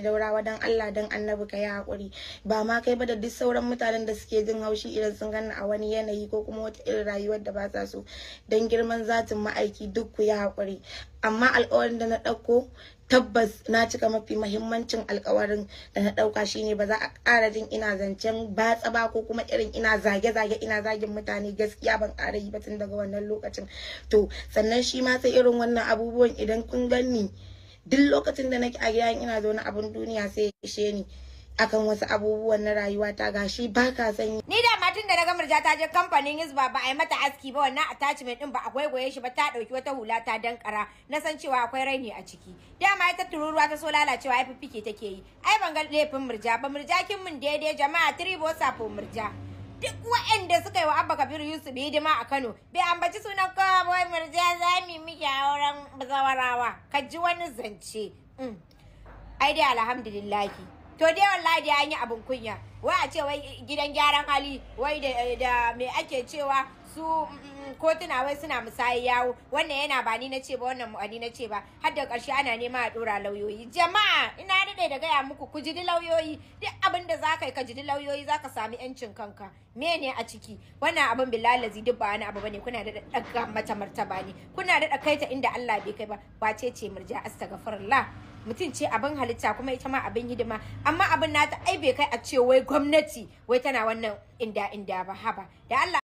mutane daurawa dan Allah dan annabi ka yi hakuri ba ma kai ba da duk sauran mutanen da suke jin haushi idan sun ganni a wani yanayi ko kuma wata irin rayuwar da ba sa so dan girman zatin ma'aiki duk ku yi hakuri amma alƙawarin da na ɗauko tabbas na cika mafi mahimmancin alƙawarin da na ɗauka shine ba za a ƙara jin ina zancen batsa ba ko kuma irin ina zage-zage ina zagin mutane gaskiya ban ƙara yi ba tun daga wannan lokacin to sannan shi ma sai irin wannan abubuwan idan kun ganni duk lokacin da nake a gidan ina zaune abun duniya sai ya ishe ni akan wasu abubuwan na rayuwa ta gashi ba ka sanyi. Ni da matun da na ga murja ta je kamfanin Hisba ba a yi mata aski ba wannan attachment din ba a gwaigwaye shi ba ta dauki wata hula ta dankara na san cewa akwai raini a ciki. Dama ita tururuwa ta so lalacewa ai fifike take yi. Ai ban ga laifin murja ba murja kin mun daidai jama'a tribo safo murja. Duk waɗanda suka yi wa Abba Kabiru Yusuf hidima a Kano bai ambaci sunan kawai murja zawarawa ka ji wani zance mm. ai dai alhamdulillahi to dai wallahi dai an yi abin kunya wai a ce wai gidan gyaran hali wai da me ake cewa su mm, kotuna wai suna musayi yawo wannan yana ba ni na ce ba wannan ba ni na ce ba har da ƙarshe ana nema a ɗora lauyoyi jama'a ina daɗe da gaya muku ku jidi lauyoyi duk abin da za ka yi ka jidi lauyoyi za ka sami yancin kanka mene a ciki wannan abin bilalazi duk ba wani abu bane kuna da ɗaga mata martaba ne kuna da kai ta inda Allah bai kai ba wace ce murja astaghfirullah mutum ce abin halitta kuma ita ma abin hidima amma abin nata ai bai kai a ce wai gwamnati wai tana wannan inda inda ba haba da Allah